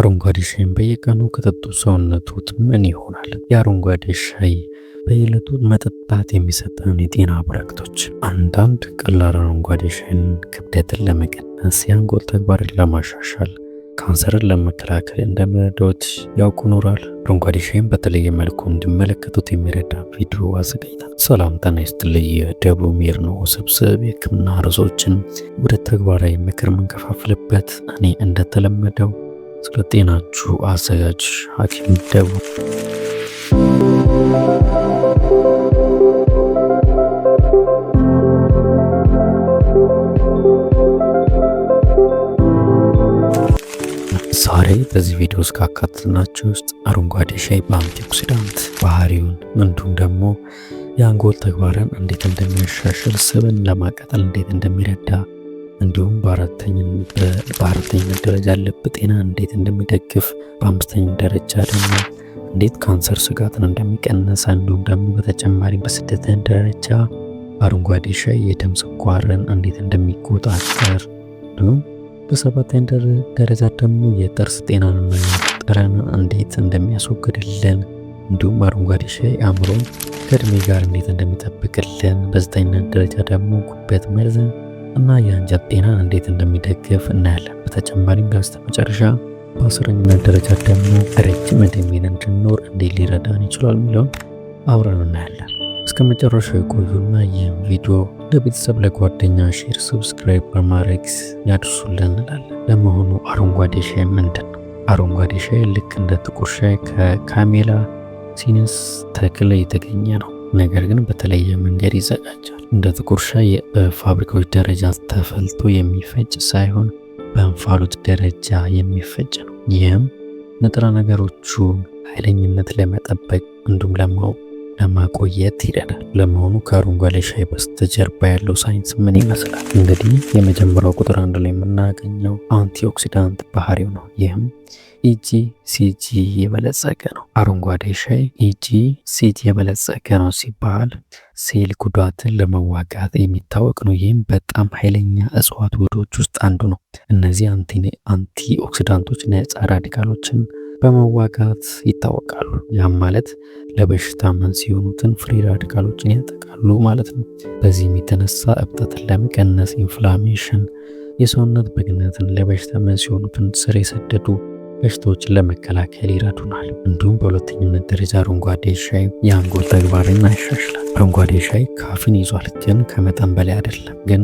አረንጓዴ ሻይን በየቀኑ ከጠጡ ሰውነቶት ምን ይሆናል? የአረንጓዴ ሻይ በየዕለቱ መጠጣት የሚሰጠን የጤና በረከቶች። አንዳንድ ቀላል አረንጓዴ ሻይን ክብደትን ለመቀነስ፣ የአንጎል ተግባርን ለማሻሻል፣ ካንሰርን ለመከላከል እንደመረዳዎች ያውቁ ኖራል? አረንጓዴ ሻይን በተለየ መልኩ እንዲመለከቱት የሚረዳ ቪዲዮ አዘጋጅታል። ሰላም ጤና ይስጥልኝ። የደቡብ ሜር ነው ስብስብ የህክምና ርዕሶችን ወደ ተግባራዊ ምክር የምንከፋፍልበት እኔ እንደተለመደው ስለ ጤናችሁ አዘጋጅ ሐኪም ደቡ ዛሬ በዚህ ቪዲዮ ውስጥ ካካተትናቸው ውስጥ አረንጓዴ ሻይ በአንቲኦክሲዳንት ባህሪውን እንዲሁም ደግሞ የአንጎል ተግባርን እንዴት እንደሚያሻሽል፣ ስብን ለማቀጠል እንዴት እንደሚረዳ እንዲሁም በአራተኛ ደረጃ ልብ ጤና እንዴት እንደሚደግፍ፣ በአምስተኛ ደረጃ ደግሞ እንዴት ካንሰር ስጋትን እንደሚቀንስ እንዲሁም ደግሞ በተጨማሪ በስድስተኛ ደረጃ አረንጓዴ ሻይ የደም ስኳርን እንዴት እንደሚቆጣጠር እንዲሁም በሰባተኛ ደረጃ ደግሞ የጥርስ ጤናንና የጠረን እንዴት እንደሚያስወግድልን እንዲሁም አረንጓዴ ሻይ አእምሮን ከእድሜ ጋር እንዴት እንደሚጠብቅልን፣ በዘጠኝነት ደረጃ ደግሞ ጉበት መርዝን እና የአንጀት ጤናን እንዴት እንደሚደግፍ እናያለን። በተጨማሪም መጨረሻ በአስረኝነት ደረጃ ደግሞ ረጅም ዕድሜን እንድንኖር እንዴት ሊረዳን ይችላል የሚለውን አብረን እናያለን። እስከ መጨረሻው የቆዩና ይህም ቪዲዮ ለቤተሰብ ለጓደኛ ሼር፣ ሰብስክራይብ በማድረግ ያድርሱልን እንላለን። ለመሆኑ አረንጓዴ ሻይ ምንድን ነው? አረንጓዴ ሻይ ልክ እንደ ጥቁር ሻይ ከካሜላ ሲነስ ተክል የተገኘ ነው። ነገር ግን በተለየ መንገድ ይዘጋጃል። እንደ ጥቁር ሻይ በፋብሪካዎች ደረጃ ተፈልቶ የሚፈጭ ሳይሆን በእንፋሎት ደረጃ የሚፈጭ ነው። ይህም ንጥረ ነገሮቹ ኃይለኝነት ለመጠበቅ እንዲሁም ለማው ለማቆየት ይረዳል። ለመሆኑ ከአረንጓዴ ሻይ በስተጀርባ ያለው ሳይንስ ምን ይመስላል? እንግዲህ የመጀመሪያው ቁጥር አንድ ላይ የምናገኘው አንቲ ኦክሲዳንት ባህሪው ነው። ይህም ኢጂ ሲጂ የበለጸገ ነው። አረንጓዴ ሻይ ኢጂ ሲጂ የበለጸገ ነው ሲባል ሴል ጉዳትን ለመዋጋት የሚታወቅ ነው። ይህም በጣም ኃይለኛ እጽዋት ውህዶች ውስጥ አንዱ ነው። እነዚህ አንቲ ኦክሲዳንቶች ነጻ ራዲካሎችን በመዋጋት ይታወቃሉ። ያም ማለት ለበሽታ መንስኤ የሆኑትን ፍሪ ራዲካሎችን ያጠቃሉ ማለት ነው። በዚህም የተነሳ እብጠትን ለመቀነስ ኢንፍላሜሽን፣ የሰውነት ብግነትን፣ ለበሽታ መንስኤ የሆኑትን ስር የሰደዱ በሽታዎችን ለመከላከል ይረዱናል። እንዲሁም በሁለተኝነት ደረጃ አረንጓዴ ሻይ የአንጎል ተግባርን ያሻሽላል። አረንጓዴ ሻይ ካፊን ይዟል፣ ግን ከመጠን በላይ አይደለም። ግን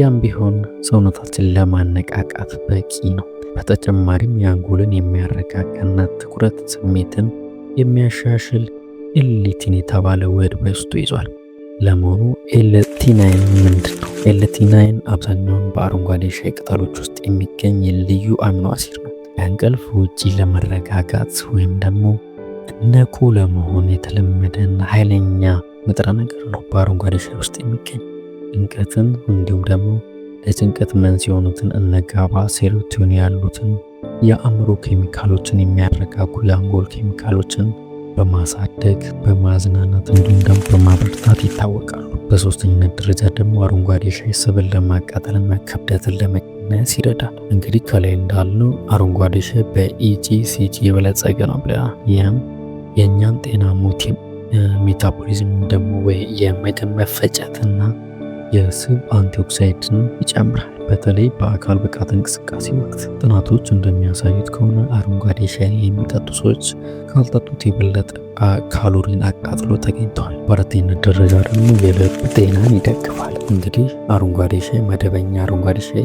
ያም ቢሆን ሰውነታችን ለማነቃቃት በቂ ነው። በተጨማሪም የአንጎልን የሚያረጋጋና ትኩረት ስሜትን የሚያሻሽል ኤልቲን የተባለ ውህድ በውስጡ ይዟል። ለመሆኑ ኤልቲናይን ምንድን ነው? ኤልቲናይን አብዛኛውን በአረንጓዴ ሻይ ቅጠሎች ውስጥ የሚገኝ ልዩ አሚኖ አሲድ ነው። ከእንቅልፍ ውጪ ለመረጋጋት ወይም ደግሞ ንቁ ለመሆን የተለመደን ኃይለኛ ንጥረ ነገር ነው። በአረንጓዴ ሻይ ውስጥ የሚገኝ ጭንቀትን እንዲሁም ደግሞ ለጭንቀት መንስ የሆኑትን እነ ጋባ፣ ሴሮቶኒን ያሉትን የአእምሮ ኬሚካሎችን የሚያረጋጉ የአንጎል ኬሚካሎችን በማሳደግ በማዝናናት እንዲሁም ደግሞ በማበርታት ይታወቃሉ። በሶስተኝነት ደረጃ ደግሞ አረንጓዴ ሻይ ስብን ለማቃጠልና ክብደትን ለመ ቢዝነስ ይረዳል። እንግዲህ ከላይ እንዳሉ አረንጓዴ ሻይ በኢጂ የበለጸገ ነው ብለናል። ይህም የእኛን ጤና ሙቲም ሜታቦሊዝም ደግሞ ወይ የምግብ መፈጨትና የስብ አንቲኦክሳይድን ይጨምራል። በተለይ በአካል ብቃት እንቅስቃሴ ወቅት ጥናቶች እንደሚያሳዩት ከሆነ አረንጓዴ ሻይ የሚጠጡ ሰዎች ካልጠጡት የበለጠ ካሎሪን አቃጥሎ ተገኝተዋል። በአራተኝነት ደረጃ ደግሞ የልብ ጤናን ይደግፋል። እንግዲህ አረንጓዴ ሻይ፣ መደበኛ አረንጓዴ ሻይ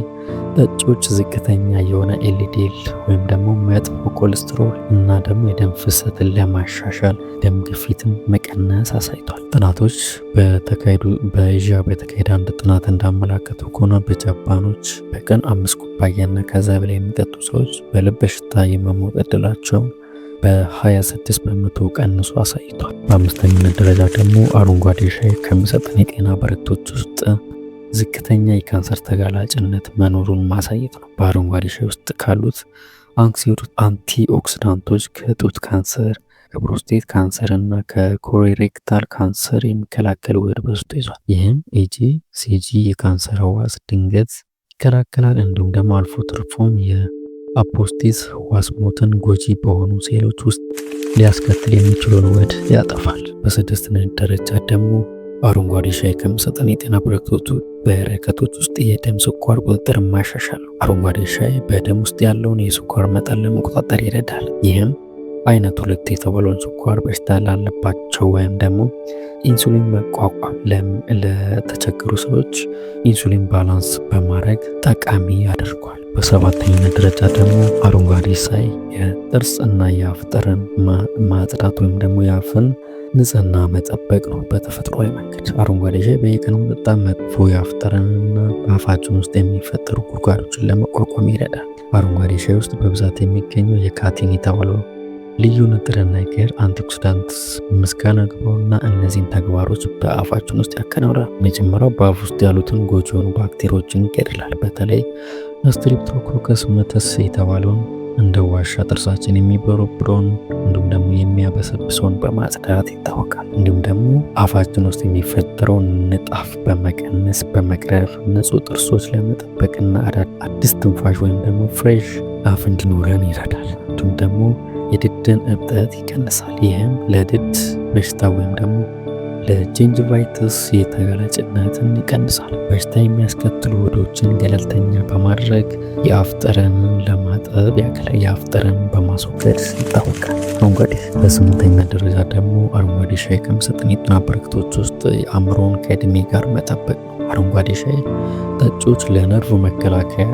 ጠጮች ዝቅተኛ የሆነ ኤልዲኤል ወይም ደግሞ መጥፎ ኮሌስትሮል እና ደግሞ የደም ፍሰትን ለማሻሻል ደም ግፊትን መቀነስ አሳይቷል። ጥናቶች በተካሄዱ በኤዥያ በተካሄደ አንድ ጥናት እንዳመላከተው ከሆነ በጃፓኖች ሰዎች በቀን አምስት ኩባያና ከዛ በላይ የሚጠጡ ሰዎች በልብ በሽታ የመሞት እድላቸው በ26 በመቶ ቀንሶ አሳይቷል። በአምስተኝነት ደረጃ ደግሞ አረንጓዴ ሻይ ከሚሰጠን የጤና በረከቶች ውስጥ ዝቅተኛ የካንሰር ተጋላጭነት መኖሩን ማሳየት ነው። በአረንጓዴ ሻይ ውስጥ ካሉት አንቲ ኦክሲዳንቶች ከጡት ካንሰር ከፕሮስቴት ካንሰር እና ከኮሬሬክታል ካንሰር የሚከላከል ውህድ በውስጡ ይዟል። ይህም ኤጂ ሲጂ የካንሰር አዋስ ድንገት ይከላከላል። እንዲሁም ደግሞ አልፎ ትርፎም የአፖስቲስ ዋስሞትን ጎጂ በሆኑ ሴሎች ውስጥ ሊያስከትል የሚችለውን ወድ ያጠፋል። በስድስተኛ ደረጃ ደግሞ አረንጓዴ ሻይ ከሚሰጠን የጤና በረከቶች ውስጥ የደም ስኳር ቁጥጥር ማሻሻል አረንጓዴ ሻይ በደም ውስጥ ያለውን የስኳር መጠን ለመቆጣጠር ይረዳል። ይህም አይነት ሁለት የተባለውን ስኳር በሽታ ላለባቸው ወይም ደግሞ ኢንሱሊን መቋቋም ለተቸገሩ ሰዎች ኢንሱሊን ባላንስ በማድረግ ጠቃሚ ያደርጓል። በሰባተኛ ደረጃ ደግሞ አረንጓዴ ሳይ የጥርስ እና የአፍ ጠረን ማጽዳት ወይም ደግሞ የአፍን ንጽህና መጠበቅ ነው። በተፈጥሮ መንገድ አረንጓዴ ሻይ በየቀኑ በጣም መጥፎ የአፍ ጠረንና በአፋችን ውስጥ የሚፈጠሩ ጉድጓዶችን ለመቋቋም ይረዳል። አረንጓዴ ሻይ ውስጥ በብዛት የሚገኘው የካቲን የተባለው ልዩ ንጥረ ነገር አንቲኦክሲዳንት ምስጋና ግብሮና እነዚህን ተግባሮች በአፋችን ውስጥ ያከናውናል። መጀመሪያው በአፍ ውስጥ ያሉትን ጎጂ የሆኑ ባክቴሪያዎችን ይገድላል። በተለይ ስትሪፕቶኮከስ መተስ የተባለውን እንደ ዋሻ ጥርሳችን የሚበረብረውን እንዲሁም ደግሞ የሚያበሰብሰውን በማጽዳት ይታወቃል። እንዲሁም ደግሞ አፋችን ውስጥ የሚፈጠረውን ንጣፍ በመቀነስ በመቅረፍ ንጹህ ጥርሶች ለመጠበቅና አዲስ ትንፋሽ ወይም ደግሞ ፍሬሽ አፍ እንዲኖረን ይረዳል። እንዲሁም ደግሞ የድድን እብጠት ይቀንሳል። ይህም ለድድ በሽታ ወይም ደግሞ ለጅንጅቫይትስ የተጋላጭነትን ይቀንሳል። በሽታ የሚያስከትሉ ውህዶችን ገለልተኛ በማድረግ የአፍ ጠረንን ለማጠብ ያክል የአፍ ጠረንን በማስወገድ ይታወቃል። አረንጓዴ በስምንተኛ ደረጃ ደግሞ አረንጓዴ ሻይ ከሚሰጠን የጤና በረከቶች ውስጥ አእምሮን ከእድሜ ጋር መጠበቅ ነው። አረንጓዴ ሻይ ጠጮች ለነርቭ መከላከያ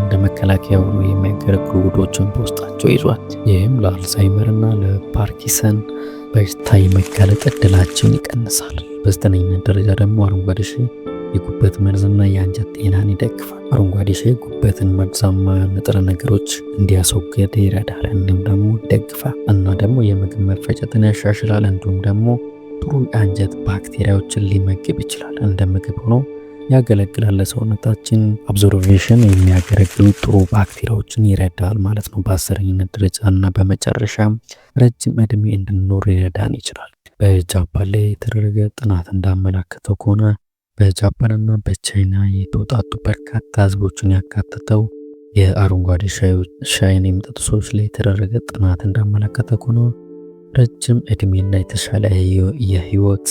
እንደ መከላከያ ሆኖ የሚያገለግሉ ውህዶችን በውስጣቸው ይዟል። ይህም ለአልዛይመር እና ለፓርኪንሰን በሽታ የመጋለጥ እድላቸውን ይቀንሳል። በዘጠነኛ ደረጃ ደግሞ አረንጓዴ ሻይ የጉበት መርዝና የአንጀት ጤናን ይደግፋል። አረንጓዴ ሻይ ጉበትን መርዛማ ንጥረ ነገሮች እንዲያስወገድ ይረዳል፣ እንዲሁም ደግሞ ይደግፋል እና ደግሞ የምግብ መፈጨትን ያሻሽላል እንዲሁም ደግሞ ጥሩ የአንጀት ባክቴሪያዎችን ሊመግብ ይችላል። እንደ ምግብ ሆኖ ያገለግላል። ለሰውነታችን አብዞርቬሽን የሚያገለግሉ ጥሩ ባክቴሪያዎችን ይረዳል ማለት ነው። በአስረኝነት ደረጃ እና በመጨረሻም ረጅም እድሜ እንድንኖር ይረዳን ይችላል። በጃፓን ላይ የተደረገ ጥናት እንዳመላከተው ከሆነ በጃፓንና በቻይና የተውጣጡ በርካታ ህዝቦችን ያካተተው የአረንጓዴ ሻይን የሚጠጡ ሰዎች ላይ የተደረገ ጥናት እንዳመለከተ ከሆነ ረጅም እድሜና የተሻለ የህይወት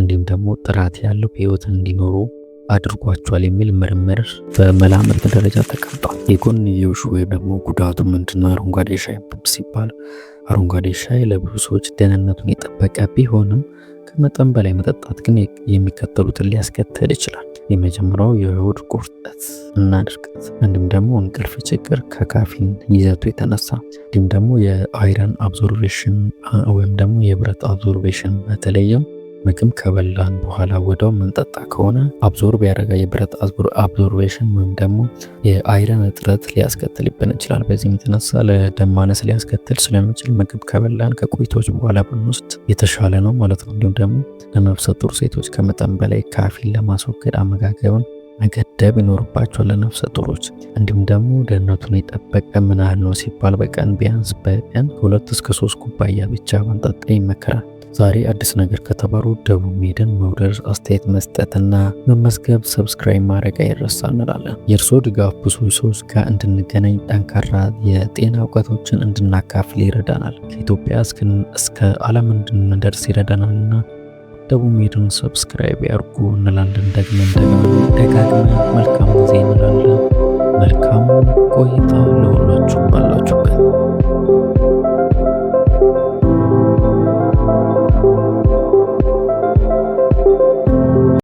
እንዲሁም ደግሞ ጥራት ያለው ህይወት እንዲኖሩ አድርጓቸዋል የሚል ምርምር በመላምት ደረጃ ተቀምጧል። የጎንዮሽ ወይም ደግሞ ጉዳቱ ምንድነው? አረንጓዴ ሻይ ሲባል አረንጓዴ ሻይ ለብዙ ሰዎች ደህንነቱን የጠበቀ ቢሆንም ከመጠን በላይ መጠጣት ግን የሚከተሉትን ሊያስከትል ይችላል። የመጀመሪያው የሆድ ቁርጠት እና ድርቀት እንዲሁም ደግሞ እንቅልፍ ችግር ከካፊን ይዘቱ የተነሳ እንዲሁም ደግሞ የአይረን አብዞርቬሽን ወይም ደግሞ የብረት አብዞርቬሽን በተለይም ምግብ ከበላን በኋላ ወደው ምንጠጣ ከሆነ አብዞርብ ያደረጋ የብረት አብዞርቬሽን ወይም ደግሞ የአይረን እጥረት ሊያስከትልብን ይችላል። በዚህም የተነሳ ለደም ማነስ ሊያስከትል ስለሚችል ምግብ ከበላን ከቆይቶች በኋላ ብንወስድ የተሻለ ነው ማለት ነው። እንዲሁም ደግሞ ለነፍሰ ጡር ሴቶች ከመጠን በላይ ካፊን ለማስወገድ አመጋገብን መገደብ ይኖርባቸዋል። ለነፍሰ ጡሮች እንዲሁም ደግሞ ደህንነቱን የጠበቀ ምን ያህል ነው ሲባል በቀን ቢያንስ በቀን ሁለት እስከ ሶስት ኩባያ ብቻ መጠጣት ይመከራል። ዛሬ አዲስ ነገር ከተባሩ ደቡብ ሜድን መውደድ፣ አስተያየት መስጠትና መመዝገብ፣ ሰብስክራይብ ማድረግ አይረሳ እንላለን። የእርስዎ ድጋፍ ብዙ ሰዎች ጋር እንድንገናኝ ጠንካራ የጤና እውቀቶችን እንድናካፍል ይረዳናል። ከኢትዮጵያ እስከ ዓለም እንድንደርስ ይረዳናልና ደቡብ ሜድን ሰብስክራይብ ያርጉ እንላለን። ደግመን ደጋግመን መልካም ጊዜ እንላለን። መልካም ቆይታ ለሁላችሁ ባላችሁበት